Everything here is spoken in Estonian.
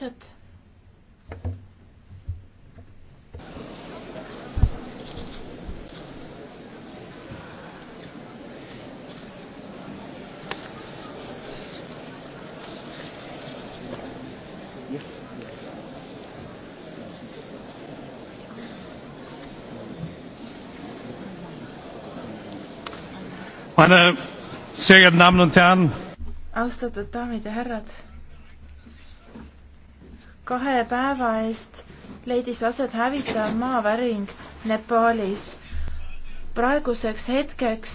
tead. Meine sehr geehrten Damen und Herren, austatud daamid ja härrad kahe päeva eest leidis aset hävitav maavärin Nepaalis. praeguseks hetkeks